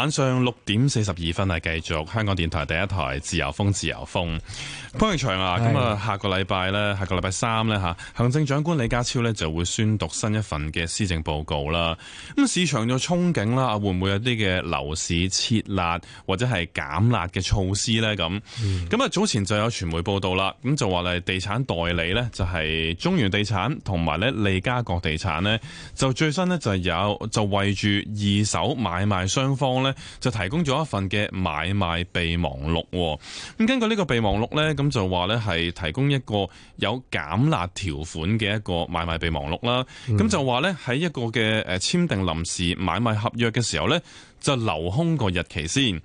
晚上六點四十二分，係繼續香港電台第一台自由風，自由風。潘永 祥啊，咁啊， 下個禮拜咧，下個禮拜三咧吓，行政長官李家超咧就會宣讀新一份嘅施政報告啦。咁市場又憧憬啦，會唔會有啲嘅樓市撤辣或者係減辣嘅措施咧？咁，咁 啊樂，早前就有傳媒報道啦，咁就話咧，地產代理咧就係中原地產同埋咧利嘉閣地產咧，就最新咧就有就為住二手買賣雙方咧。就提供咗一份嘅買賣備忘錄。咁根據呢個備忘錄呢，咁就話呢係提供一個有減辣條款嘅一個買賣備忘錄啦。咁、嗯、就話呢，喺一個嘅誒簽訂臨時買賣合約嘅時候呢，就留空個日期先。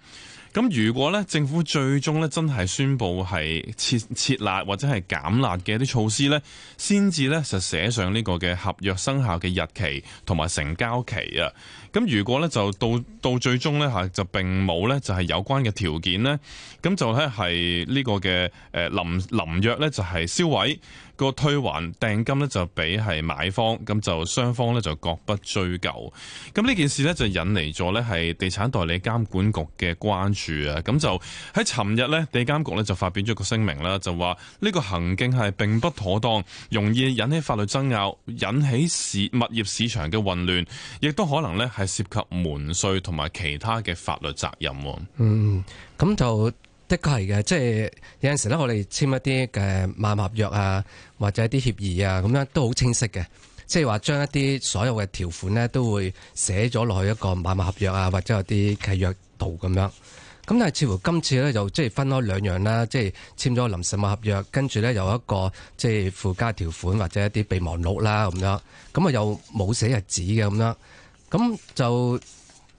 咁如果呢政府最終呢真係宣布係撤撤辣或者係減辣嘅一啲措施呢，先至呢就寫上呢個嘅合約生效嘅日期同埋成交期啊。咁如果咧就到到最終咧嚇就並冇咧就係有關嘅條件咧，咁就咧係呢個嘅誒臨臨約咧就係銷毀。個退還定金咧就俾係買方，咁就雙方咧就各不追究。咁呢件事呢，就引嚟咗呢係地產代理監管局嘅關注啊。咁就喺尋日呢，地監局呢，就發表咗個聲明啦，就話呢個行徑係並不妥當，容易引起法律爭拗，引起市物業市場嘅混亂，亦都可能呢係涉及瞞稅同埋其他嘅法律責任。嗯，咁就。的確係嘅，即係有陣時咧，我哋簽一啲嘅買賣合約啊，或者一啲協議啊，咁樣都好清晰嘅，即係話將一啲所有嘅條款咧，都會寫咗落去一個買賣合約啊，或者有啲契約度咁樣。咁但係似乎今次咧，就即係分開兩樣啦，即係簽咗臨時買賣合約，跟住咧有一個即係附加條款或者一啲備忘錄啦，咁樣咁啊又冇寫日子嘅咁樣，咁就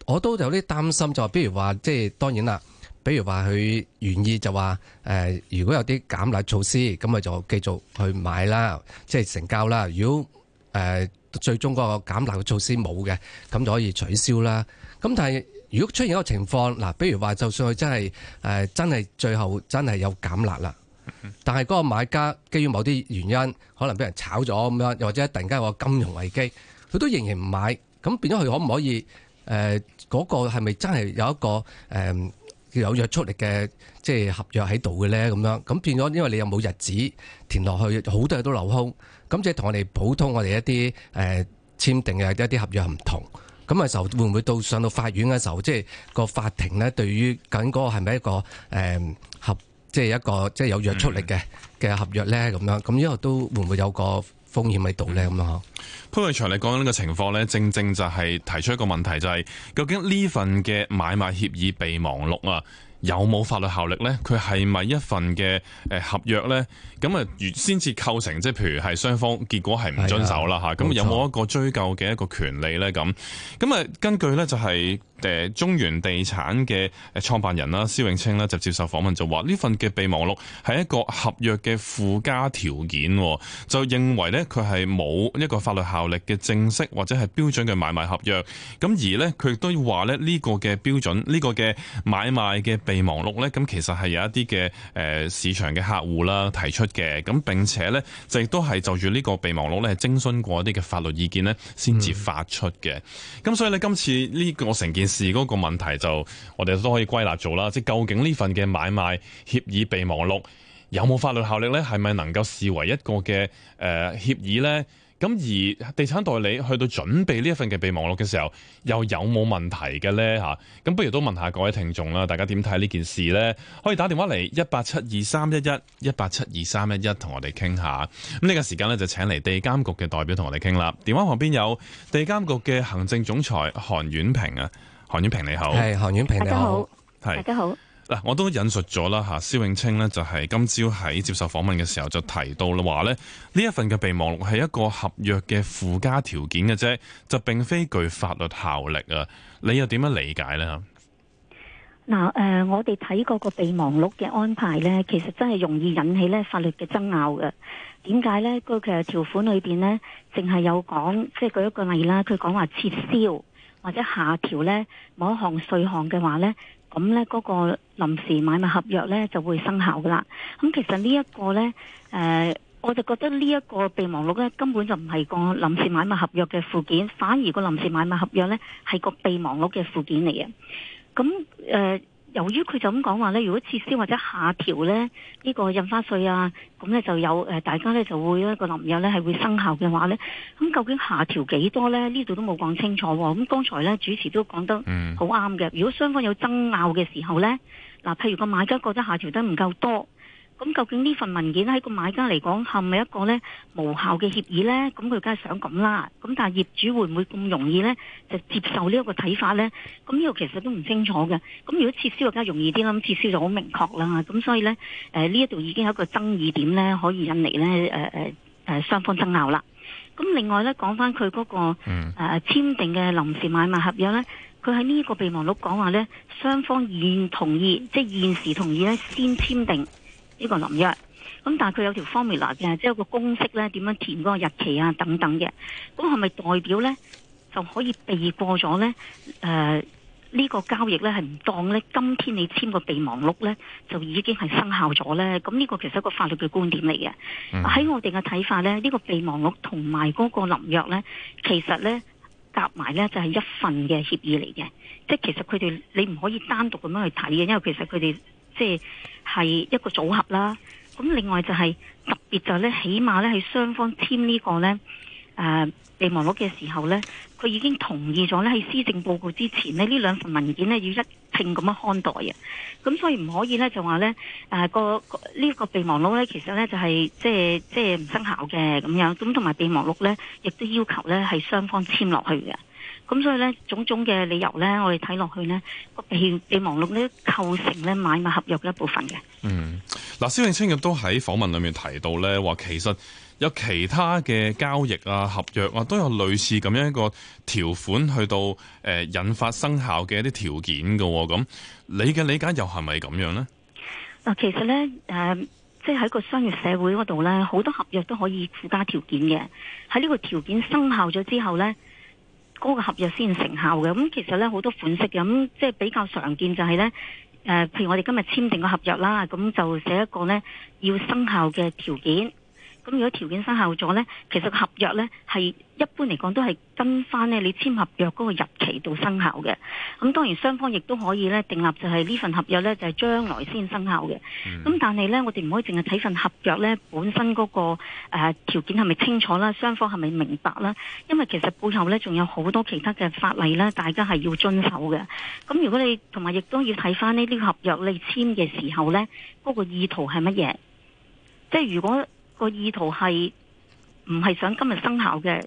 我都有啲擔心，就比如話，即係當然啦。比如話佢願意就話誒、呃，如果有啲減辣措施，咁佢就繼續去買啦，即係成交啦。如果誒、呃、最終嗰個減辣嘅措施冇嘅，咁就可以取消啦。咁但係如果出現一個情況，嗱、呃，比如話就算佢真係誒真係最後真係有減辣啦，但係嗰個買家基於某啲原因，可能俾人炒咗咁樣，又或者突然間有個金融危機，佢都仍然唔買，咁變咗佢可唔可以誒嗰、呃那個係咪真係有一個誒？呃有約束力嘅即係合約喺度嘅咧，咁樣咁變咗，因為你又冇日子填落去，好多嘢都留空。咁即係同我哋普通我哋一啲誒、呃、簽訂嘅一啲合約唔同。咁啊，時候會唔會到上到法院嘅時候，即係個法庭咧，對於緊嗰個係咪一個誒、呃、合，即係一個即係有約束力嘅嘅合約咧？咁樣咁呢個都會唔會有個風險喺度呢？咁啊，潘偉祥，你講緊呢個情況咧，正正就係提出一個問題，就係、是、究竟呢份嘅買賣協議備忘錄啊，有冇法律效力咧？佢係咪一份嘅誒合約咧？咁啊，先至構成，即係譬如係雙方結果係唔遵守啦吓，咁、啊啊、有冇一個追究嘅一個權利咧？咁咁啊，根據咧就係、是。誒中原地產嘅創辦人啦，施永青啦就接受訪問就話呢份嘅備忘錄係一個合約嘅附加條件，就認為咧佢係冇一個法律效力嘅正式或者係標準嘅買賣合約，咁而咧佢亦都話咧呢個嘅標準呢個嘅買賣嘅備忘錄咧，咁其實係有一啲嘅誒市場嘅客戶啦提出嘅。咁並且咧就亦都係就住呢個備忘錄咧係徵詢過一啲嘅法律意見咧先至發出嘅。咁所以咧今次呢個成件。事嗰個問題就，我哋都可以歸納做啦。即究竟呢份嘅買賣協議備忘錄有冇法律效力呢？係咪能夠視為一個嘅誒協議呢？咁而地產代理去到準備呢一份嘅備忘錄嘅時候，又有冇問題嘅呢？嚇？咁不如都問下各位聽眾啦，大家點睇呢件事呢？可以打電話嚟一八七二三一一一八七二三一一，同我哋傾下。咁呢個時間呢，就請嚟地監局嘅代表同我哋傾啦。電話旁邊有地監局嘅行政總裁韓婉萍啊。韓婉萍你好，係。韓婉萍，你大家好，係大家好。嗱，我都引述咗啦吓，施永青呢，就係今朝喺接受訪問嘅時候就提到話呢，呢一份嘅備忘錄係一個合約嘅附加條件嘅啫，就並非具法律效力啊。你又點樣理解呢？嗱，誒，我哋睇嗰個備忘錄嘅安排呢，其實真係容易引起呢法律嘅爭拗嘅。點解呢？佢其實條款裏邊呢，淨係有講，即係舉一個例啦，佢講話撤銷或者下調呢某一項稅項嘅話呢，咁呢嗰個臨時買賣合約呢就會生效噶啦。咁其實呢一個呢，誒、呃，我就覺得呢一個備忘錄呢根本就唔係個臨時買賣合約嘅附件，反而個臨時買賣合約呢係個備忘錄嘅附件嚟嘅。咁誒。呃由於佢就咁講話咧，如果撤銷或者下調咧，呢個印花稅啊，咁咧就有誒，大家咧就會一個臨約咧係會生效嘅話咧，咁究竟下調幾多咧？呢度都冇講清楚。咁剛才咧主持都講得好啱嘅。如果雙方有爭拗嘅時候咧，嗱，譬如個買家覺得下調得唔夠多。咁究竟呢份文件喺個買家嚟講係咪一個咧無效嘅協議咧？咁佢梗係想咁啦。咁但係業主會唔會咁容易咧就接受呢一個睇法咧？咁呢個其實都唔清楚嘅。咁如果撤銷就更加容易啲啦，咁撤銷就好明確啦。咁所以咧，誒呢一度已經有一個爭議點咧，可以引嚟咧，誒誒誒雙方爭拗啦。咁另外咧，講翻佢嗰個誒簽訂嘅臨時買賣合約咧，佢喺呢個備忘錄講話咧，雙方現同意，即係現時同意咧，先簽訂。呢、這個臨約，咁但係佢有條 formula 嚟嘅，即係一個公式咧，點樣填嗰個日期啊等等嘅。咁係咪代表呢就可以避過咗呢？誒、呃，呢、這個交易呢係唔當呢？今天你簽個備忘錄呢，就已經係生效咗呢。咁呢個其實係一個法律嘅觀點嚟嘅。喺、嗯、我哋嘅睇法呢，呢、這個備忘錄同埋嗰個臨約咧，其實呢夾埋呢就係一份嘅協議嚟嘅。即係其實佢哋你唔可以單獨咁樣去睇嘅，因為其實佢哋即係。係一個組合啦，咁另外就係特別就咧，起碼咧係雙方簽呢個咧誒備忘錄嘅時候咧，佢已經同意咗咧喺施政報告之前呢，呢兩份文件咧要一併咁樣看待嘅，咁所以唔可以咧就話咧誒個呢、呃這個備忘錄咧其實咧就係即係即係唔生效嘅咁樣，咁同埋備忘錄咧亦都要求咧係雙方簽落去嘅。咁所以咧，種種嘅理由咧，我哋睇落去咧，個備備忘錄咧構成咧買賣合約嘅一部分嘅。嗯，嗱，施永青亦都喺訪問裏面提到咧，話其實有其他嘅交易啊、合約啊，都有類似咁樣一個條款去到誒、呃、引發生效嘅一啲條件喎、哦。咁你嘅理解又係咪咁樣咧？嗱，其實咧，誒、呃，即、就、喺、是、個商業社會嗰度咧，好多合約都可以附加條件嘅。喺呢個條件生效咗之後咧。嗰個合約先生效嘅，咁、嗯、其實咧，好多款式咁、嗯，即係比較常見就係咧，誒、呃，譬如我哋今日簽訂個合約啦，咁、嗯、就寫一個咧要生效嘅條件。咁如果條件生效咗呢，其實合約呢係一般嚟講都係跟翻呢你簽合約嗰個日期度生效嘅。咁當然雙方亦都可以呢訂立就係呢份合約呢就係將來先生效嘅。咁、嗯、但係呢，我哋唔可以淨係睇份合約呢本身嗰個誒條件係咪清楚啦？雙方係咪明白啦？因為其實背後呢仲有好多其他嘅法例呢，大家係要遵守嘅。咁如果你同埋亦都要睇翻呢啲合約你簽嘅時候呢嗰、嗰個意圖係乜嘢？即係如果。個意圖係唔係想今日生效嘅，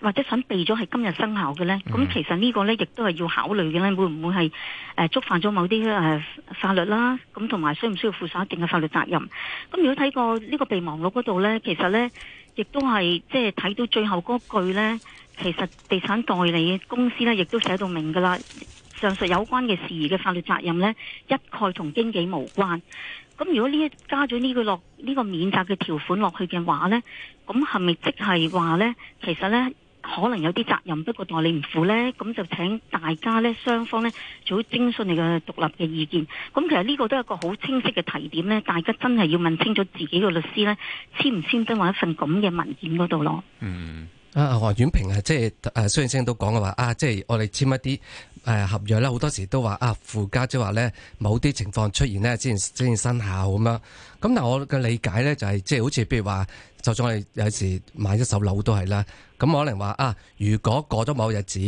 或者想避咗係今日生效嘅呢？咁、mm -hmm. 其實呢個呢，亦都係要考慮嘅呢，會唔會係誒觸犯咗某啲誒、呃、法律啦？咁同埋需唔需要負上一定嘅法律責任？咁如果睇過呢個備忘錄嗰度呢，其實呢，亦都係即係睇到最後嗰句呢，其實地產代理公司呢，亦都寫到明噶啦，上述有關嘅事宜嘅法律責任呢，一概同經紀無關。咁如果呢一加咗呢、呢個落呢、呢個免責嘅條款落去嘅話咧，咁係咪即係話咧？其實咧，可能有啲責任，不過代理唔負咧，咁就請大家咧，雙方咧，做好徵詢你嘅獨立嘅意見。咁其實呢個都係一個好清晰嘅提點咧，大家真係要問清楚自己嘅律師咧，簽唔簽得話一份咁嘅文件嗰度咯。嗯。啊，韓婉萍啊，即係誒，施先生都講嘅話，啊，即係我哋簽一啲誒、啊、合約咧，好多時都話啊，附加即係話咧，某啲情況出現之前先生效咁樣。咁但係我嘅理解咧，就係、是、即係好似，譬如話，就算我哋有時買一手樓都係啦。咁可能話啊，如果過咗某日子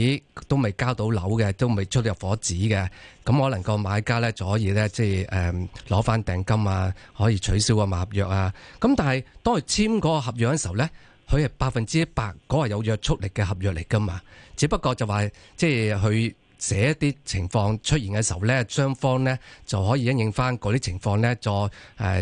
都未交到樓嘅，都未出入伙紙嘅，咁可能個買家咧就可以咧，即係誒攞翻訂金啊，可以取消個合約啊。咁但係當佢簽嗰個合約嘅時候咧。佢係百分之一百嗰個有約束力嘅合約嚟㗎嘛，只不過就話即係佢寫一啲情況出現嘅時候咧，雙方咧就可以應應返嗰啲情況咧，再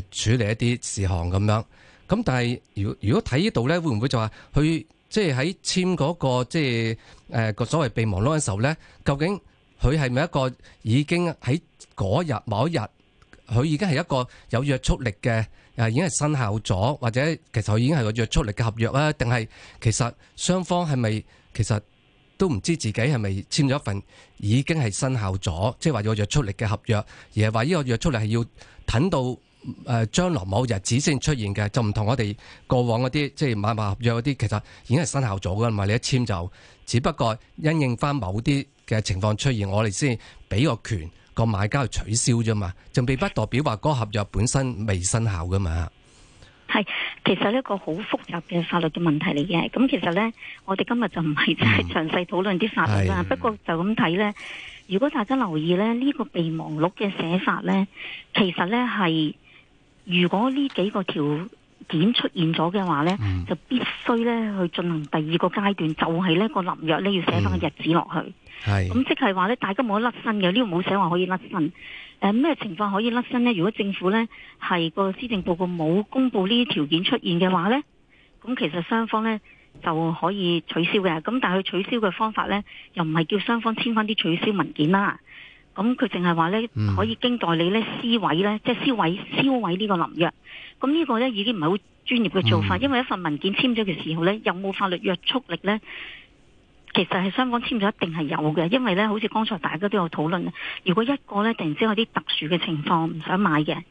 誒處理一啲事項咁樣。咁但係如果如果睇呢度咧，會唔會就話佢即係喺簽嗰個即係誒個所謂備忘錄嘅時候咧，究竟佢係咪一個已經喺嗰日某一日？佢已經係一個有約束力嘅，誒、啊、已經係生效咗，或者其實佢已經係個約束力嘅合約咧，定、啊、係其實雙方係咪其實都唔知自己係咪簽咗一份已經係生效咗，即係話有約束力嘅合約，而係話呢個約束力係要等到誒、呃、將來某日子先出現嘅，就唔同我哋過往嗰啲即係買賣合約嗰啲，其實已經係生效咗噶，唔係你一簽就，只不過因應翻某啲嘅情況出現，我哋先俾個權。個買家去取消啫嘛，就並不代表話嗰個合約本身未生效噶嘛。係，其實呢一個好複雜嘅法律嘅問題嚟嘅。咁其實呢，我哋今日就唔係真係詳細討論啲法律啦，嗯。不過就咁睇呢，如果大家留意咧，呢，呢個備忘錄嘅寫法呢，其實呢係如果呢幾個條件出現咗嘅話呢，嗯、就必須呢去進行第二個階段，就係、是、呢個臨約呢要寫翻個日子落去。嗯係，咁即係話咧，大家冇得甩身嘅，呢個冇寫話可以甩身。誒、呃，咩情況可以甩身呢？如果政府呢係個施政報告冇公布呢啲條件出現嘅話呢，咁其實雙方呢就可以取消嘅。咁但係佢取消嘅方法呢，又唔係叫雙方簽翻啲取消文件啦。咁佢淨係話呢，可以經代理呢撕毀、嗯、呢，即係撕毀撕毀呢個臨約。咁呢個呢已經唔係好專業嘅做法、嗯，因為一份文件簽咗嘅時候呢，有冇法律約束力呢。其實係雙方簽咗，一定係有嘅，因為咧好似剛才大家都有討論，如果一個咧突然之間有啲特殊嘅情況唔想買嘅、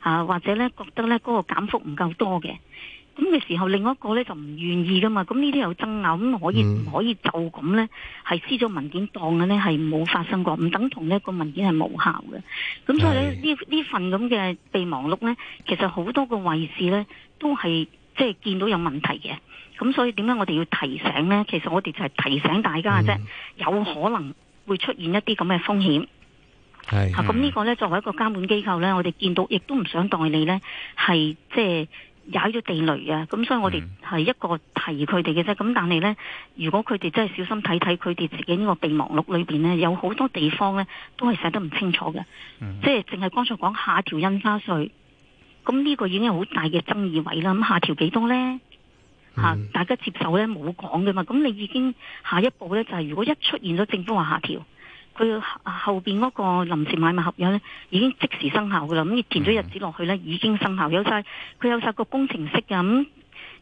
啊，或者咧覺得咧嗰、嗰個減幅唔夠多嘅，咁嘅時候另一個咧就唔願意噶嘛，咁呢啲有爭拗，咁可以唔可以就咁咧係撕咗文件當嘅咧係冇發生過，唔等同呢個、呢個文件係無效嘅，咁所以咧呢呢份咁嘅備忘錄咧，其實好多個位置咧都係即係見到有問題嘅。咁所以點解我哋要提醒呢？其實我哋就係提醒大家嘅啫，嗯就係、有可能會出現一啲咁嘅風險。係，咁、啊、呢個呢作為一個監管機構呢，我哋見到亦都唔想代理呢，係即係踩咗地雷啊！咁所以我哋係一個提佢哋嘅啫。咁、嗯、但係呢，如果佢哋真係小心睇睇佢哋自己呢個備忘錄裏邊呢，有好多地方呢都係寫得唔清楚嘅。即係淨係剛才講下調印花稅，咁呢個已經有好大嘅爭議位啦。咁下調幾多呢？吓、嗯啊！大家接受咧冇講嘅嘛，咁你已經下一步咧就係、是、如果一出現咗政府話下調，佢後面邊嗰個臨時買賣合約咧已經即時生效噶啦，咁你填咗日子落去咧已經生效，有晒佢有晒個工程式咁。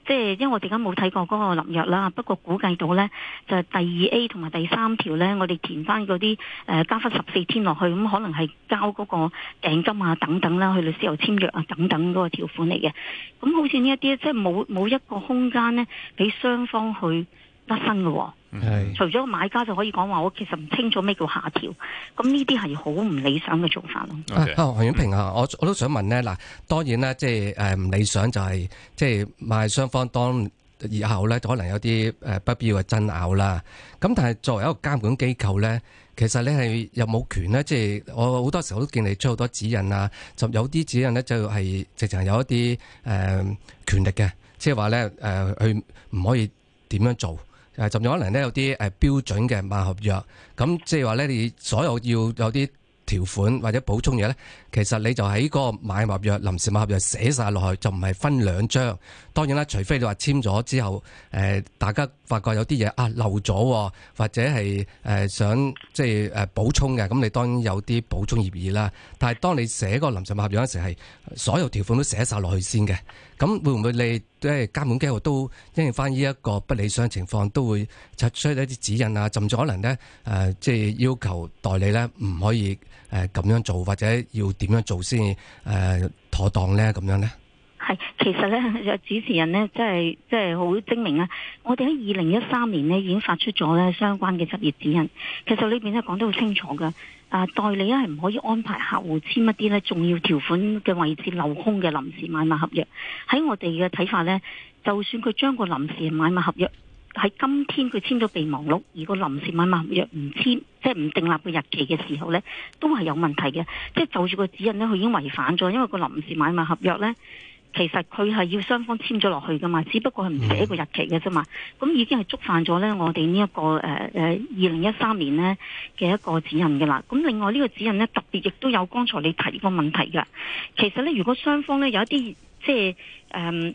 即係因為我哋而家冇睇過嗰個臨約啦，不過估計到呢，就是、第二 A 同埋第三條呢，我哋填翻嗰啲誒加翻十四天落去，咁、嗯、可能係交嗰個訂金啊等等啦，去律師又簽約啊等等嗰個條款嚟嘅。咁、嗯、好似呢一啲即係冇冇一個空間呢，俾雙方去得分喎。Mm -hmm. 除咗買家就可以講話，我其實唔清楚咩叫下調，咁呢啲係好唔理想嘅做法咯。韓、okay. 婉、啊、萍，啊，我我都想問呢。嗱，當然啦，即係誒唔理想就係即係買賣雙方當以後咧，可能有啲誒不必要嘅爭拗啦。咁但係作為一個監管機構咧，其實你係有冇權呢？即、就、係、是、我好多時候都見你出好多指引啊，就有啲指引呢、呃，就係直情有一啲誒權力嘅，即係話咧誒去唔可以點樣做。甚至可能有啲標準嘅萬合約，咁即係話，你所有要有啲條款或者補充嘢咧。其實你就喺個買賣合約臨時買賣合約寫曬落去，就唔係分兩張。當然啦，除非你話簽咗之後，誒大家發覺有啲嘢啊漏咗，或者係誒想即係誒補充嘅，咁你當然有啲補充協議啦。但係當你寫個臨時買賣合約嗰陣時，係所有條款都寫曬落去先嘅。咁會唔會你即係監管機構都因應翻呢一個不理想情況，都會作出一啲指引啊，甚至可能咧誒即係要求代理咧唔可以誒咁樣做，或者要？點樣做先誒、呃、妥當呢？咁樣呢？係，其實呢，主持人呢，真係真係好精明啊！我哋喺二零一三年呢已經發出咗咧相關嘅執業指引。其實裏邊咧講得好清楚噶，啊、呃，代理咧係唔可以安排客戶簽一啲呢重要條款嘅位置留空嘅臨時買賣合約。喺我哋嘅睇法呢，就算佢將個臨時買賣合約。喺今天佢簽咗備忘錄，如果臨時買賣合約唔簽，即係唔訂立個日期嘅時候呢，都係有問題嘅。即係就住、是、個指引呢，佢已經違反咗，因為個臨時買賣合約呢，其實佢係要雙方簽咗落去噶嘛，只不過係唔寫一個日期嘅啫嘛。咁已經係觸犯咗呢、這個，我哋呢一個誒誒二零一三年呢嘅一個指引㗎喇。咁另外呢個指引呢，特別亦都有剛才你提過問題嘅。其實呢，如果雙方呢有一啲即係誒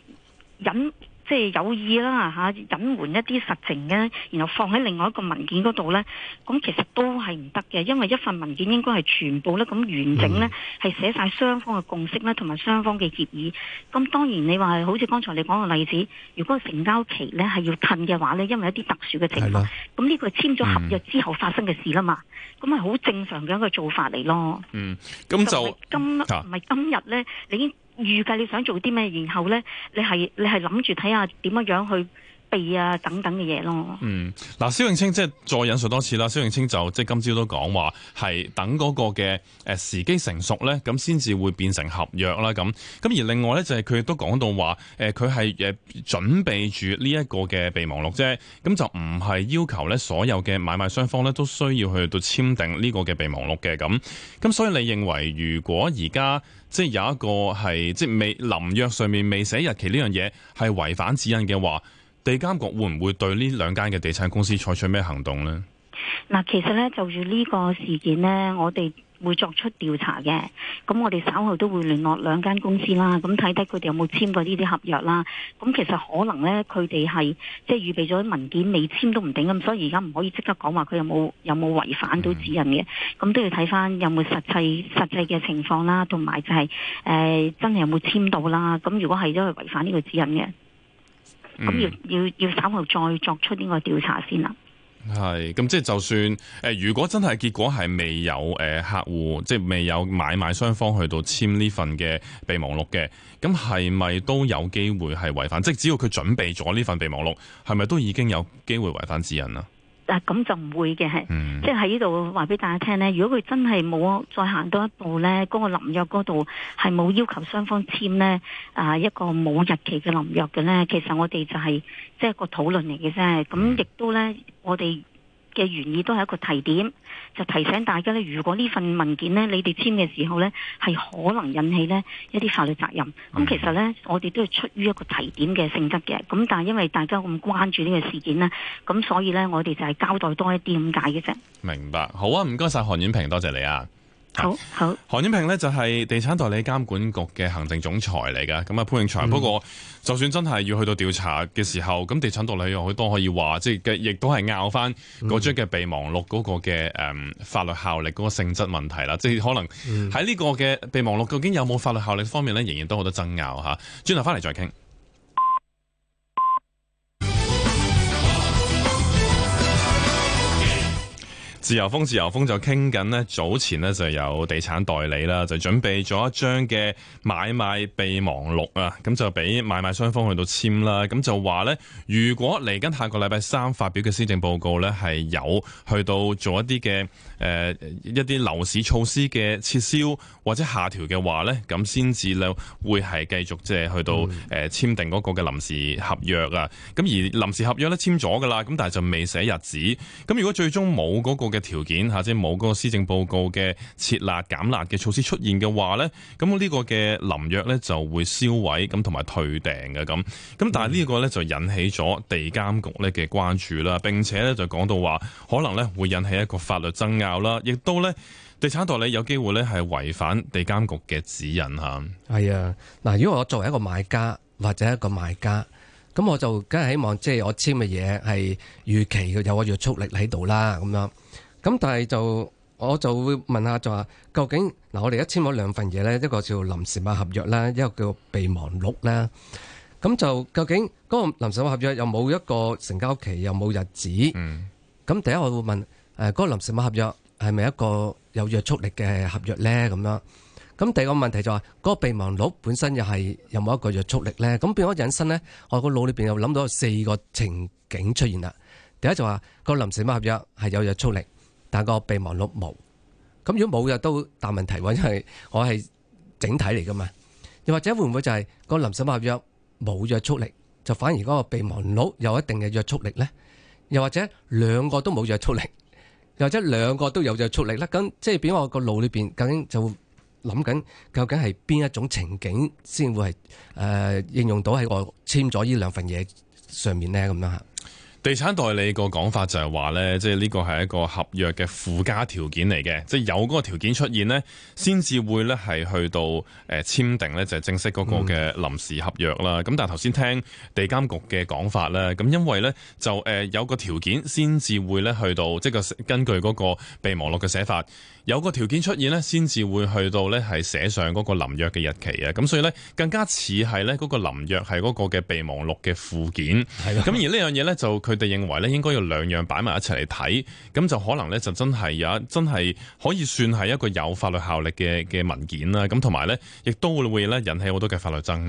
引。呃即係有意啦吓、啊，隱瞞一啲實情嘅，然後放喺另外一個文件嗰度咧，咁其實都係唔得嘅，因為一份文件應該係全部咧咁完整咧，係寫晒雙方嘅共識啦，同埋雙方嘅協議。咁當然你話好似剛才你講嘅例子，如果成交期咧係要褪嘅話咧，因為一啲特殊嘅情況，咁呢個簽咗合約之後發生嘅事啦嘛，咁係好正常嘅一個做法嚟咯。嗯、咁、嗯、就、就、嗯、今唔係今日咧，你。預計你想做啲咩，然後呢，你係你係諗住睇下點樣去避啊等等嘅嘢咯。嗯，嗱，施永青即係再引述多次啦。施永青就即係今朝都講話係等嗰個嘅誒時機成熟呢，咁先至會變成合約啦。咁咁而另外呢，就係佢亦都講到話，誒佢係誒準備住呢一個嘅備忘錄啫。咁就唔係要求呢所有嘅買賣雙方呢都需要去到簽訂呢個嘅備忘錄嘅咁。咁所以你認為如果而家？即係有一個係即係未臨約上面未寫日期呢樣嘢係違反指引嘅話，地監局會唔會對呢兩間嘅地產公司採取咩行動呢？嗱，其實咧就住、是、呢個事件呢，我哋會作出調查嘅，咁我哋稍後都會聯絡兩間公司啦，咁睇睇佢哋有冇簽過呢啲合約啦。咁其實可能呢，佢哋係即係預備咗啲文件未簽都唔定，咁所以而家唔可以即刻講話佢有冇有冇違反到指引嘅，咁都要睇返有冇實際實際嘅情況啦，同埋就係誒真係有冇簽到啦。咁如果係都係違反呢個指引嘅，咁要要要稍後再作出呢個調查先啦。係，咁即係就算，誒，如果真係結果係未有客戶，誒，客戶即係未有買賣雙方去到簽呢份嘅備忘錄嘅，咁係咪都有機會係違反？即係只要佢準備咗呢份備忘錄，係咪都已經有機會違反指引呀？嗱，咁就唔會嘅，係，即係喺呢度話俾大家聽咧。如果佢真係冇再行多一步咧，嗰個臨約嗰度係冇要求雙方簽咧，啊一個冇日期嘅臨約嘅咧，其實我哋就係即係個討論嚟嘅啫。咁亦都咧，我哋嘅原意都係一個提點，就提醒大家咧，如果呢份文件呢，你哋簽嘅時候呢，係可能引起呢一啲法律責任。咁其實呢，我哋都係出於一個提點嘅性質嘅。咁但係因為大家咁關注呢個事件呢，咁所以呢，我哋就係交代多一啲咁解嘅啫。明白，好啊，唔該晒韓婉萍，多謝你啊。好好，韓婉萍咧就係、是、地產代理監管局嘅行政總裁嚟噶，咁啊潘永祥，不過、嗯、就算真係要去到調查嘅時候，咁地產代理又好多可以話，即係亦都係拗翻嗰張嘅備忘錄嗰個嘅誒、嗯、法律效力嗰個性質問題啦，即係可能喺呢個嘅備忘錄究竟有冇法律效力方面咧，仍然都好多爭拗吓，轉頭翻嚟再傾。自由風自由風就傾緊咧。早前咧就有地產代理啦，就準備咗一張嘅買賣備忘錄啊。咁就俾買賣雙方去到簽啦。咁就話咧，如果嚟緊下個禮拜三發表嘅施政報告咧，係有去到做一啲嘅誒一啲樓市措施嘅撤銷或者下調嘅話咧，咁先至咧會係繼續即係去到誒簽訂嗰個嘅臨時合約啊。咁而臨時合約咧簽咗噶啦，咁但係就未寫日子。咁如果最終冇嗰個嘅條件下，即冇嗰個施政報告嘅撤辣、減辣嘅措施出現嘅話咧，咁呢個嘅臨約呢就會銷毀，咁同埋退訂嘅咁。咁但係呢個呢就引起咗地監局呢嘅關注啦，並且呢就講到話可能呢會引起一個法律爭拗啦，亦都呢，地產代理有機會呢係違反地監局嘅指引吓。係啊，嗱，如果我作為一個買家或者一個賣家，咁我就梗係希望即係、就是、我簽嘅嘢係預期佢有一個約束力喺度啦，咁樣。咁但係就我就會問下就話究竟嗱，我哋而家簽咗兩份嘢咧，一個叫臨時買賣合約啦，一個叫備忘錄啦。咁就究竟嗰個臨時買賣合約又冇一個成交期，又冇日子。咁第一我會問誒，嗰個臨時買賣合約係咪一個有約束力嘅合約咧？咁樣，咁第二個問題就話嗰個備忘錄本身又係有冇一個約束力咧？咁變咗引申咧，我個腦裏邊又諗到四個情景出現啦。第一就話個臨時買賣合約係有約束力。但個備忘錄冇，咁如果冇又都大問題喎，因為我係整體嚟噶嘛，又或者會唔會就係個臨時合約冇約束力，就反而嗰個備忘錄有一定嘅約束力咧？又或者兩個都冇約束力，又或者兩個都有約束力咧？咁即係俾我個腦裏邊究竟就諗緊，究竟係邊一種情景先會係誒應用到喺我簽咗呢兩份嘢上面咧？咁樣嚇。地產代理個講法就係話呢，即係呢個係一個合約嘅附加條件嚟嘅，即係有嗰個條件出現呢，先至會呢係去到誒簽訂呢就係正式嗰個嘅臨時合約啦。咁、嗯、但係頭先聽地監局嘅講法咧，咁因為呢，就誒有個條件先至會呢去到，即係根據嗰個備忘錄嘅寫法，有個條件出現呢，先至會去到呢係寫上嗰個臨約嘅日期啊。咁所以呢，更加似係呢嗰個臨約係嗰個嘅備忘錄嘅附件，咁而呢樣嘢呢，就佢。我哋認為咧，應該要兩樣擺埋一齊嚟睇，咁就可能咧就真係有真係可以算係一個有法律效力嘅嘅文件啦。咁同埋咧，亦都會咧引起好多嘅法律爭拗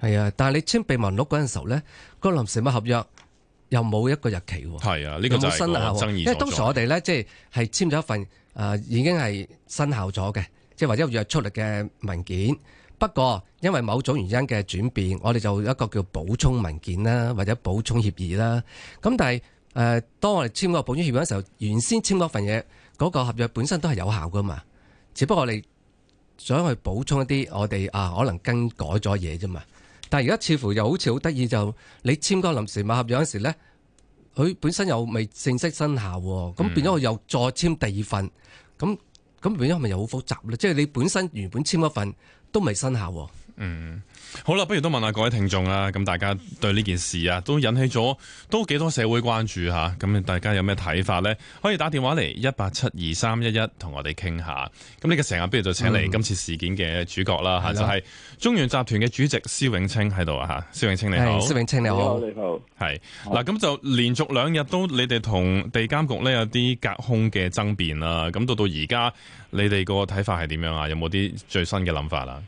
嚇。係啊，但係你簽備忘錄嗰陣時候咧，個臨時物合約又冇一個日期喎。係啊，呢、呢個就係爭議。因為當時我哋咧，即係係簽咗一份誒、呃，已經係生效咗嘅，即係或者約束力嘅文件，不過，因為某種原因嘅轉變，我哋就一個叫補充文件啦，或者補充協議啦。咁但係，誒，當我哋簽嗰個補充協議嗰時候，原先簽嗰份嘢嗰個合約本身都係有效噶嘛。只不過我哋想去補充一啲我哋啊可能更改咗嘢啫嘛。但係而家似乎又好似好得意，就你簽嗰個臨時買賣合約嗰時咧，佢本身又未正式生效喎。咁變咗佢又再簽第二份，咁咁變咗係咪又好複雜咧？即係你本身原本簽嗰份。都未生效。嗯，好啦，不如都問下各位聽眾啦。咁大家對呢件事啊，都引起咗，都幾多社會關注吓。咁大家有咩睇法呢？可以打電話嚟，一八七二三一一同我哋傾下。咁呢個成日，不如就請嚟今次事件嘅主角啦吓、嗯，就係、是、中原集團嘅主席施永青喺度啊吓。施永青你好，施永青你好，你好。係嗱，咁就連續兩日都你哋同地監局呢有啲隔空嘅爭辯啦。咁到到而家，你哋個睇法係點樣啊？有冇啲最新嘅諗法啦？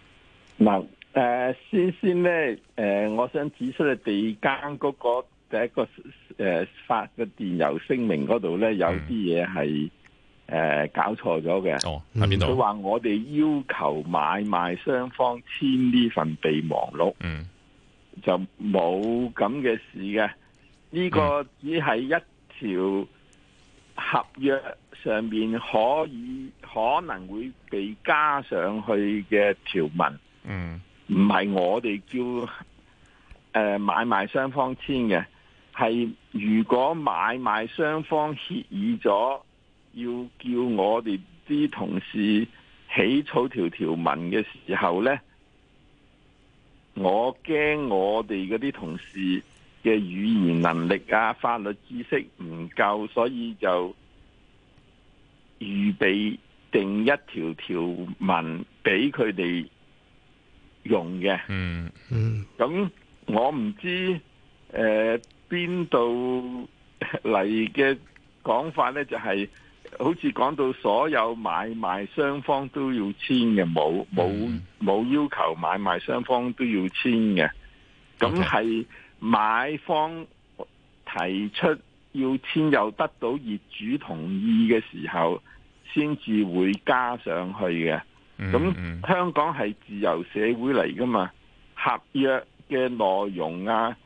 嗯誒、呃，先先咧，誒、呃，我想指出你地監嗰個第一個誒、呃、發嘅電郵聲明嗰度咧，有啲嘢係誒搞錯咗嘅。哦，喺邊度？佢話我哋要求買賣雙方簽呢份備忘錄，嗯，就冇咁嘅事嘅。呢、這個只係一條合約上面可以可能會被加上去嘅條文，嗯。唔係我哋叫誒買賣雙方簽嘅，係如果買賣雙方協議咗要叫我哋啲同事起草條條文嘅時候呢，我驚我哋嗰啲同事嘅語言能力啊、法律知識唔夠，所以就預備定一條條文俾佢哋。用嘅，嗯嗯，咁我唔知，誒邊度嚟嘅講法咧？就係好似講到所有買賣雙方都要簽嘅，冇冇冇要求買賣雙方都要簽嘅，咁係買方提出要簽又得到業主同意嘅時候，先至會加上去嘅。咁、嗯嗯、香港係自由社會嚟㗎嘛？合約嘅內容啊，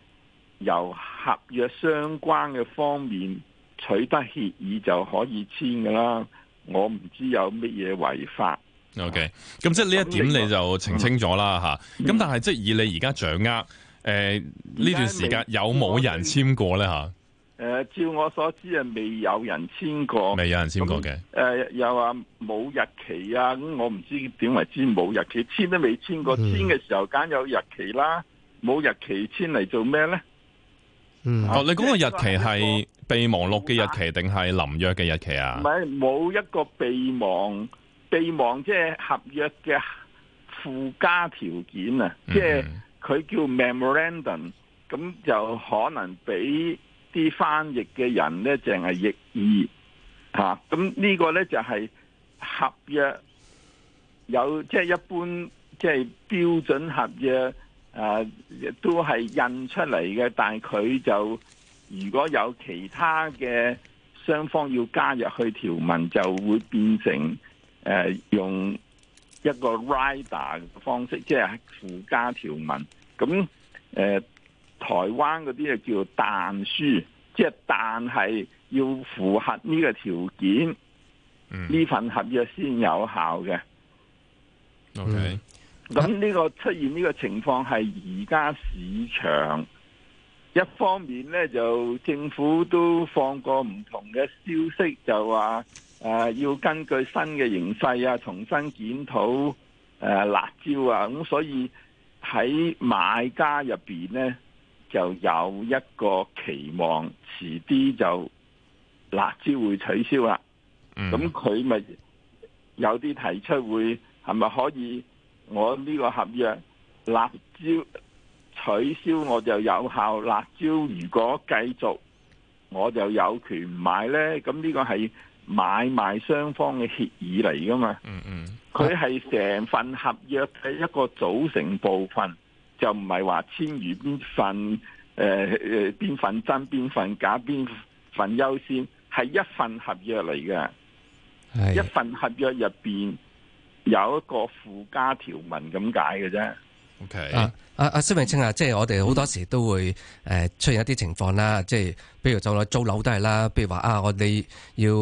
由合約相關嘅方面取得協議就可以簽㗎啦。我唔知有乜嘢違法。OK，咁即係呢一點你就澄清咗啦嚇。咁、嗯嗯、但係即係以你而家掌握，誒、呃、呢段時間有冇人簽過咧嚇？誒、呃，照我所知啊，未有人簽過，未有人簽過嘅。誒、呃，又話冇日期啊，咁我唔知點為之冇日期，簽都未簽過，簽、嗯、嘅時候梗有日期啦。冇日期簽嚟做咩咧、嗯啊？哦，你講嘅日期係備忘錄嘅日期定係、嗯、臨約嘅日期啊？唔係，冇一個備忘備忘即係、嗯，即係合約嘅附加條件啊。即係佢叫 memorandum，咁就可能俾。啲翻譯嘅人呢，淨係譯意吓。咁、啊、呢個呢，就係、是、合約有即係、就是、一般即係、就是、標準合約誒、啊、都係印出嚟嘅，但係佢就如果有其他嘅雙方要加入去條文，就會變成誒、啊、用一個 Rider 方式，即、就、係、是、附加條文，咁誒。啊台灣嗰啲啊叫但書，即係但係要符合呢個條件，呢、嗯、份合約先有效嘅。O K. 咁呢個出現呢個情況係而家市場一方面呢，就政府都放過唔同嘅消息就，就話誒要根據新嘅形勢啊，重新檢討誒辣招啊，咁所以喺買家入邊呢。就有一個期望，遲啲就辣招會取消啦。咁佢咪有啲提出會係咪可以？我呢個合約辣招取消我就有效，辣招如果繼續我就有權買呢。咁呢個係買賣雙方嘅協議嚟㗎嘛？嗯嗯，佢係成份合約嘅一個組成部分。就唔係話簽與邊份誒誒邊份真邊份假邊份優先，係一份合約嚟㗎，一份合約入邊有一個附加條文咁解嘅啫。啊、okay、啊啊！施永青啊，清即係我哋好多時都會誒、呃、出現一啲情況啦，即係比如就攞租樓都係啦，譬如話啊，我哋要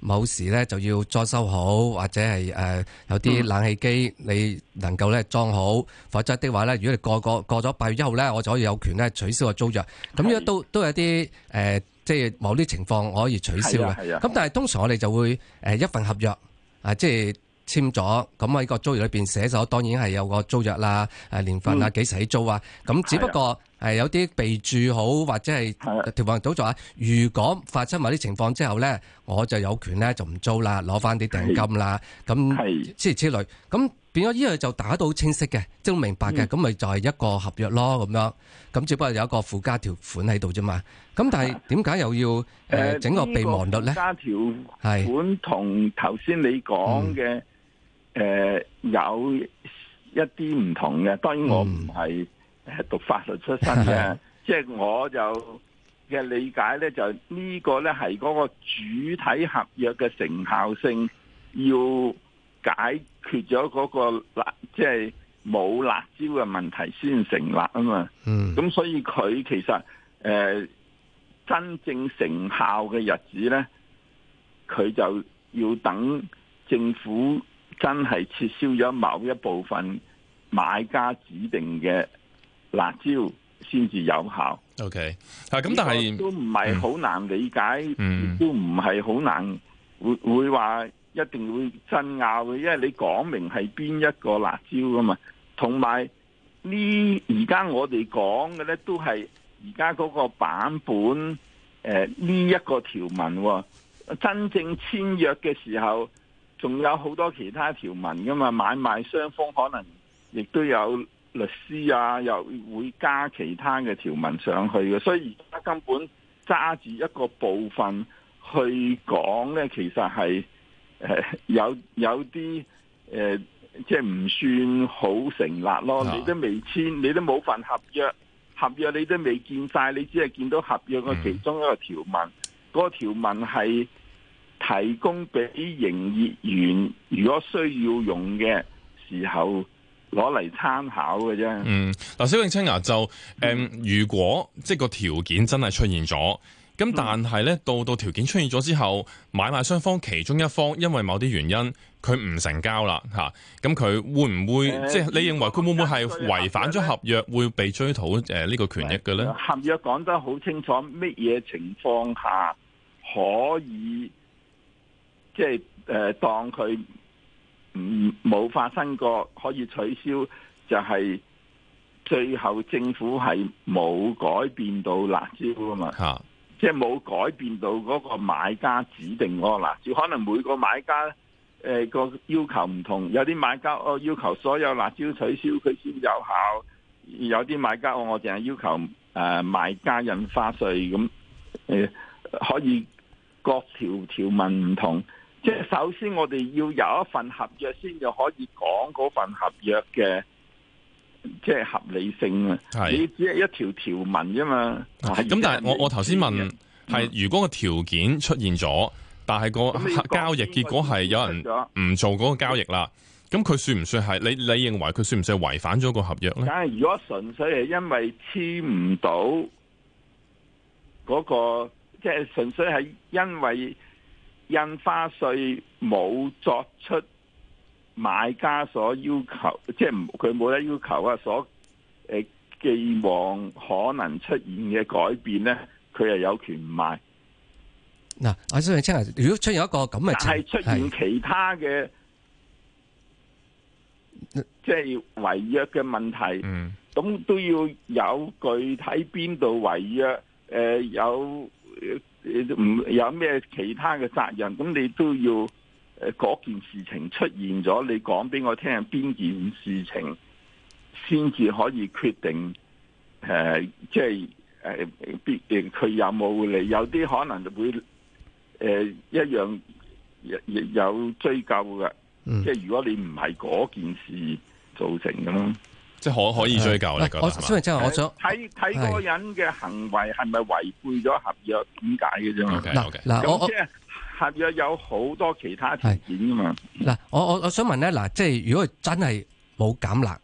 某時咧就要裝修好，或者係誒、呃、有啲冷氣機你能夠咧裝好、嗯，否則的話咧，如果你過過過咗八月一號咧，我就可以有權咧取消個租約。咁樣都都有啲誒、呃，即係某啲情況我可以取消嘅。咁但係通常我哋就會誒、呃、一份合約啊，即係。簽咗咁喺呢個租約裏邊寫咗，當然係有個租約啦，誒，年份啊，幾時起租啊？咁只不過係有啲備注好，或者係條文度話，如果發生某啲情況之後咧，我就有權咧就唔租啦，攞翻啲定金啦。咁，之之類咁變咗，呢樣就打到好清晰嘅，即係明白嘅。咁咪就係一個合約咯，咁樣，咁只不過有一個附加條款喺度啫嘛。咁但係點解又要誒、啊呃、整個備忘錄咧？呢、呃這個加條款同頭先你講嘅誒有一啲唔同嘅。當然我唔係誒讀法律出身嘅，即、嗯、係 我就嘅理解咧，就呢、是、個咧係嗰個主體合約嘅成效性，要解決咗嗰個辣即係冇辣招嘅問題先成立啊嘛。嗯。咁所以佢其實誒。呃真正成效嘅日子呢，佢就要等政府真係撤銷咗某一部分買家指定嘅辣招，先至有效。OK，啊，咁但係都唔係好難理解，亦、嗯、都唔係好難會會話一定會爭拗嘅，因為你講明係邊一個辣招噶嘛，同埋呢而家我哋講嘅呢都係。而家嗰個版本，誒呢一個條文，哦，真正簽約嘅時候，仲有好多其他條文㗎嘛，買賣雙方可能亦都有律師啊，又會加其他嘅條文上去嘅，所以而家根本揸住一個部分去講呢，其實係，呃，有有啲即係唔算好成立咯，你都未簽，你都冇份合約。合約你都未見晒，你只係見到合約嘅其中一個條文，嗰、嗯，嗰個條文係提供俾營業員如果需要用嘅時候攞嚟參考嘅啫。嗯，嗱、啊，施永青牙就，誒、嗯，如果即係、就是、個條件真係出現咗。咁但係咧，到到條件出現咗之後，買賣雙方其中一方因為某啲原因，佢唔成交啦吓，咁、啊、佢會唔會、呃、即係你認為佢會唔會係違反咗合約會被追討誒呢個權益嘅咧？合約講得好清楚，乜嘢情況下可以即係誒當佢唔冇發生過可以取消？就係最後政府係冇改變到辣招啊嘛。即係冇改變到嗰個買家指定嗰個辣椒，可能每個買家誒個要求唔同，有啲買家我要求所有辣椒取消佢先有效，有啲買家我我淨係要求買家印花稅咁可以各條條文唔同。即係首先我哋要有一份合約先就可以講嗰份合約嘅。即係合理性啊！你只係一條條文啫嘛。咁、啊、但係我我頭先問係、嗯、如果個條件出現咗，但係個交易結果係有人唔做嗰個交易啦，咁、嗯、佢算唔算係你你認為佢算唔算違反咗個合約咧？但係如果純粹係因為簽唔到嗰、那個，即、就、係、是、純粹係因為印花稅冇作出。買家所要求，即係佢冇得要求啊！所誒寄望可能出現嘅改變咧，佢係有權唔買。嗱、啊，我想你清下，如果出現一個咁嘅，但係出現其他嘅，即係違約嘅問題，咁、嗯、都要有具體邊度違約？誒、呃，有唔有咩其他嘅責任？咁你都要。誒，嗰件事情出現咗，你講俾我聽，邊件事情先至可以決定？誒、呃，即係誒，必定佢有冇嚟？有啲可能就會誒、呃、一樣有追究嘅。即係如果你唔係嗰件事造成嘅咧、嗯，即係可可以追究你覺得係嘛？我所以即係我想睇睇個人嘅行為係咪違背咗合約點解嘅啫？嗱嗱咁即係。Okay, okay. 合約有好多其他條件㗎嘛？嗱，我我我想問咧，嗱，即係如果真係冇減辣，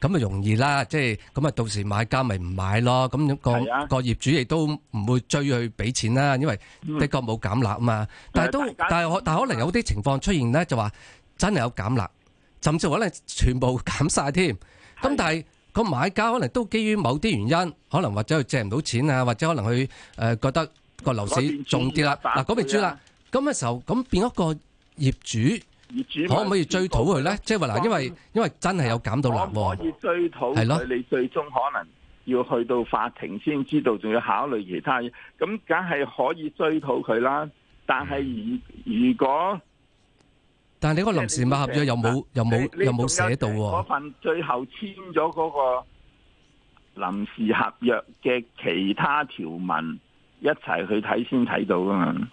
咁咪容易啦。即係咁啊，到時買家咪唔買咯。咁個個業主亦都唔會追去俾錢啦，因為的確冇減辣啊嘛。但係都但係可但係可能有啲情況出現咧，就話真係有減辣，甚至可能全部減曬添。咁但係個買家可能都基於某啲原因，可能或者佢借唔到錢啊，或者可能佢誒覺得個樓市仲跌啦。嗱，嗰邊豬啦。咁嘅時候，咁變一個業主，可唔可以追討佢咧？即係話嗱，因為因為真係有減到落喎，可以追討。係咯，你最終可能要去到法庭先知道，仲要考慮其他嘢。咁梗係可以追討佢啦，嗯。但係如如果，但係你個臨時買賣合約又冇又冇又冇寫到喎。嗰份最後簽咗嗰個臨時合約嘅其他條文一齊去睇先睇到㗎嘛。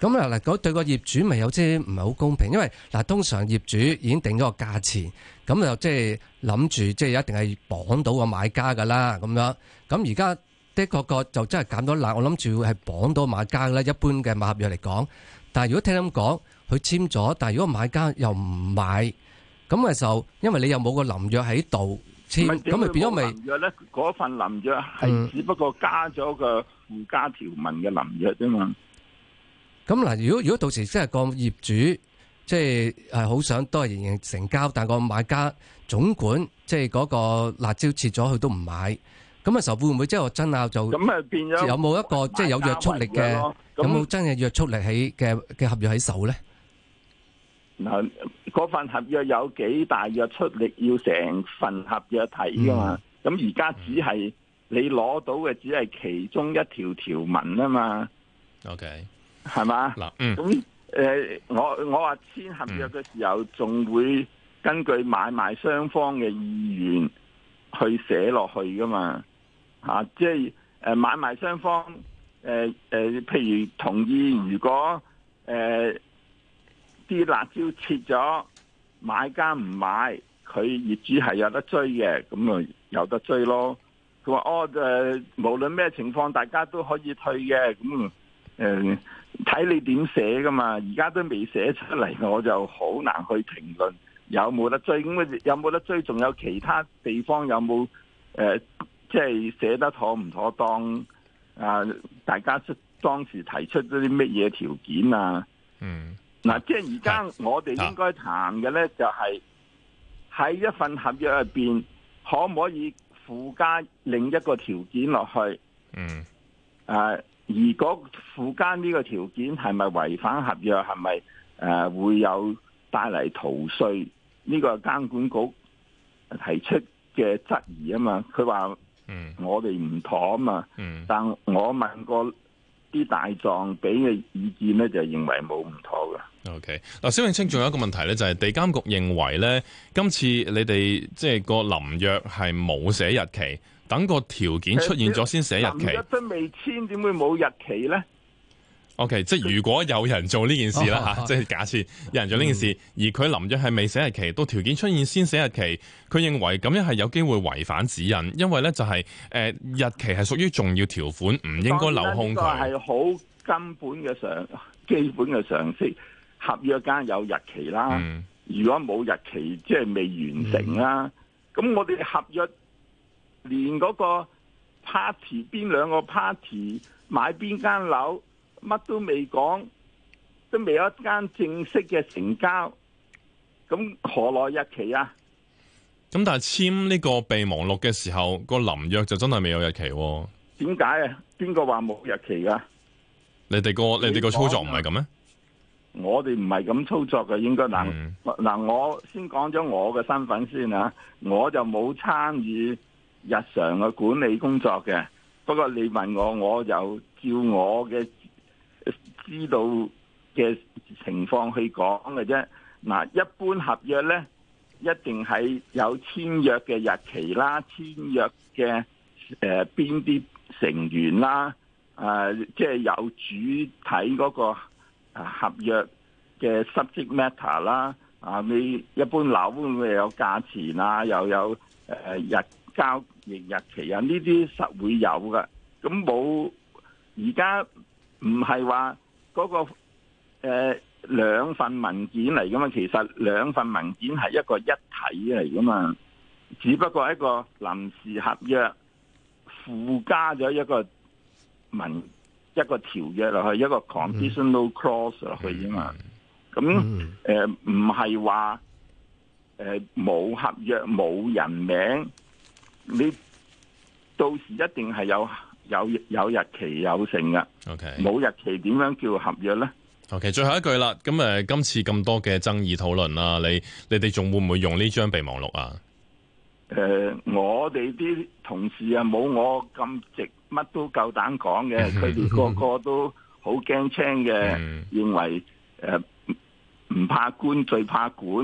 咁嗱嗱，嗰對個業主咪有啲唔係好公平，因為嗱，通常業主已經定咗個價錢，咁就即係諗住即係一定係綁到個買家噶啦，咁樣。咁而家的確個就真係減咗辣，我諗住會係綁到買家咧，一般嘅買合約嚟講。但係如果聽咁講，佢簽咗，但係如果買家又唔買，咁嘅時候，因為你又冇個臨約喺度簽，咁咪變咗咪約咧，嗰份臨約係只不過加咗個附加條文嘅臨約啫嘛。咁嗱，如果如果到時真係個業主即係誒好想都係仍然成交，但係個買家總管即係嗰個辣椒切咗，佢都唔買，咁嘅時候會唔會即係爭拗就？咁啊變咗有冇一個即係有約束力嘅？有冇真係約束力喺嘅嘅合約喺手咧？嗱，嗰份合約有幾大約束力？要成份合約睇噶嘛？咁而家只係你攞到嘅只係其中一條條文啊嘛。OK。係嘛？嗱、嗯、咁、嗯、誒、嗯，我我話簽合約嘅時候，仲會根據買賣雙方嘅意願去寫落去噶嘛？吓、啊，即係誒，買賣雙方誒誒、呃，譬如同意，如果誒啲、呃、辣招切咗，買家唔買，佢業主係有得追嘅，咁咪有得追咯。佢話哦誒，無論咩情況，大家都可以退嘅，咁、嗯、誒。嗯睇你點寫㗎嘛，而家都未寫出嚟，我就好難去評論有冇得追咁，有冇得追？仲有，有，有其他地方有冇？誒、呃，即係寫得妥唔妥當啊、呃？大家出當時提出咗啲乜嘢條件啊？嗯，嗱，即係而家我哋應該談嘅咧，就係、是、喺一份合約入邊，可唔可以附加另一個條件落去？嗯，啊、呃。如果附加呢個條件係咪違反合約，係咪誒會有帶嚟逃稅？呢、這個監管局提出嘅質疑啊嘛，佢話嗯，我哋唔妥啊嘛。嗯，但我問過啲大狀俾嘅意見咧，就認為冇唔妥嘅。O K，嗱，施永青，仲有一個問題咧，就係、是、地監局認為咧，今次你哋即係個臨約係冇寫日期。等個條件出現咗先寫日期。臨約都未簽，點會冇日期呢 o、okay, K，即係如果有人做呢件事啦嚇， 即係假設有人做呢件事，而佢臨約係未寫日期，到條件出現先寫日期，佢認為咁樣係有機會違反指引，因為呢就係、是、誒、呃、日期係屬於重要條款，唔應該留空佢。係、這、好、個、根本嘅常基本嘅常識，合約梗係有日期啦。嗯、如果冇日期，即係未完成啦。咁、嗯、我哋合約。連嗰個 party 邊兩個 party 買邊間樓乜都未講，都未有一間正式嘅成交，咁何來日期啊？咁但係簽呢個備忘錄嘅時候，個臨約就真係未有日期。點解啊？邊個話冇日期噶？你哋個你哋個操作唔係咁咩？我哋唔係咁操作嘅，應該嗱嗱我先講咗我嘅身份先啊，我就冇參與。日常嘅管理工作嘅，不過你問我，我就照我嘅知道嘅情況去講嘅啫。嗱，一般合約咧，一定係有簽約嘅日期啦，簽約嘅誒邊啲成員啦，誒、呃、即係有主體嗰個合約嘅 subject matter 啦。啊，你一般樓會唔會有價錢啊，又有誒、呃、日。交易日期啊，呢啲實會有㗎。咁冇而家唔係話嗰個誒、呃、兩份文件嚟噶嘛？其實兩份文件係一個一體嚟噶嘛。只不過係一個臨時合約附加咗一個文一個條約落去，一個 conditional clause 落、嗯、去啫嘛。咁誒唔係話誒冇合約冇人名。你到時一定係有有有日期有成嘅，OK，冇日期點樣叫合約咧？OK，最後一句啦，咁誒、呃，今次咁多嘅爭議討論啦，你你哋仲會唔會用呢張備忘錄啊？誒、呃，我哋啲同事啊，冇我咁直，乜都夠膽講嘅，佢哋個個都好驚青嘅，認 為誒。呃唔怕官，最怕管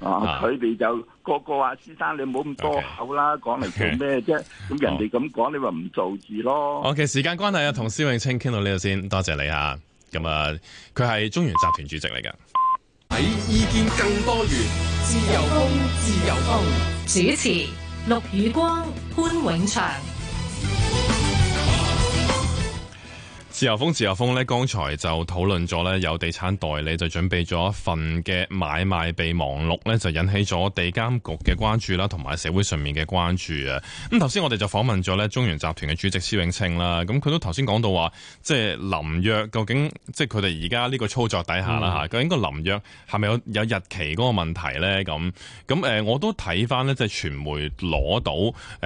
啊！佢 哋就個個話： 先生，你唔好咁多口啦，講嚟做咩啫？咁、okay. 人哋咁講，你話唔做字咯？OK，時間關係啊，同施永青傾到呢度先，多謝你啊！咁啊，佢係中原集團主席嚟㗎。喺意見更多元，自由風，自由風，主持陸宇光、潘永祥。自由風，自由風咧，剛才就討論咗咧，有地產代理就準備咗一份嘅買賣備忘錄咧，就引起咗地監局嘅關注啦，同埋社會上面嘅關注啊。咁頭先我哋就訪問咗咧中原集團嘅主席施永青啦，咁佢都頭先講到話，即係臨約，究竟即係佢哋而家呢個操作底下啦吓，究竟個臨約係咪有有日期嗰個問題咧？咁咁誒，我都睇翻，咧，即係傳媒攞到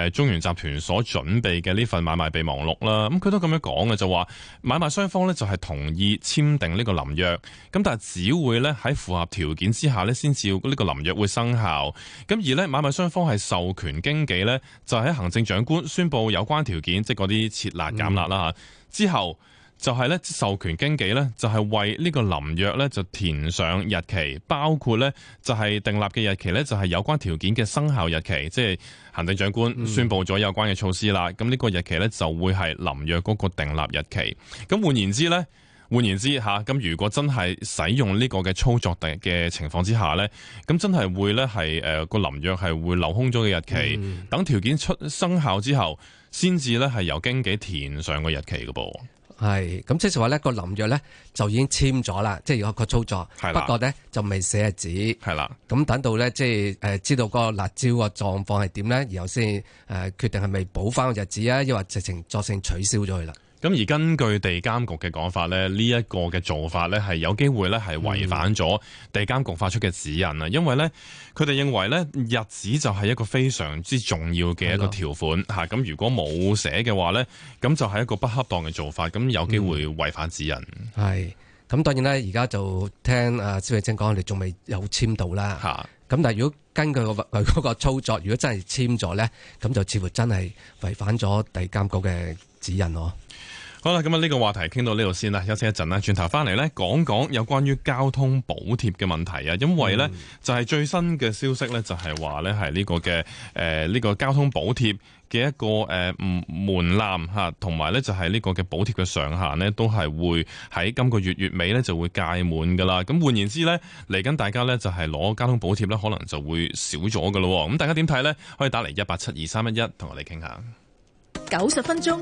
誒中原集團所準備嘅呢份買賣備忘錄啦，咁佢都咁樣講嘅，就話。買賣雙方咧就係同意簽訂呢個臨約，咁但係只會咧喺符合條件之下咧先至呢個臨約會生效，咁而呢買賣雙方係授權經紀咧就喺行政長官宣布有關條件，即係嗰啲撤辣減辣啦之後。就係、是、咧授權經紀咧，就係為呢個臨約咧就填上日期，包括咧就係訂立嘅日期咧，就係有關條件嘅生效日期，即係行政長官宣布咗有關嘅措施啦。咁呢個日期咧就會係臨約嗰個訂立日期。咁換言之咧，換言之吓，咁如果真係使用呢個嘅操作嘅嘅情況之下咧，咁真係會咧係誒個臨約係會留空咗嘅日期，等條件出生效之後，先至咧係由經紀填上個日期嘅噃。係，咁即係話呢個林若呢，就已經簽咗啦，即係有個操作，的不過呢，就未寫日子，係啦的，咁等到呢，即係知道個辣椒個狀況係點呢，然後先誒決定係咪補翻個日子啊，亦或直情作性取消咗佢啦。咁而根據地監局嘅講法咧，呢、這、一個嘅做法咧係有機會咧係違反咗地監局發出嘅指引啊、嗯！因為咧，佢哋認為咧，日子就係一個非常之重要嘅一個條款吓。咁如果冇寫嘅話咧，咁就係、是、一個不恰當嘅做法，咁有機會違反指引。係、嗯、咁，當然呢，而家就聽阿施永青講，你仲未有簽到啦。咁但係如果根據佢嗰個操作，如果真係簽咗咧，咁就似乎真係違反咗地監局嘅指引哦。好啦，咁啊，呢個話題傾到呢度先啦，休息一陣啦，轉頭翻嚟咧，講講有關於交通補貼嘅問題啊，因為咧就係最新嘅消息咧，就係話咧係呢個嘅誒呢個交通補貼嘅一個誒、呃、門檻吓，同埋咧就係呢個嘅補貼嘅上限咧，都係會喺今個月月尾咧就會屆滿噶啦，咁換言之咧嚟緊大家咧就係攞交通補貼咧，可能就會少咗噶咯，咁大家點睇咧？可以打嚟一八七二三一一，同我哋傾下。九十分鐘。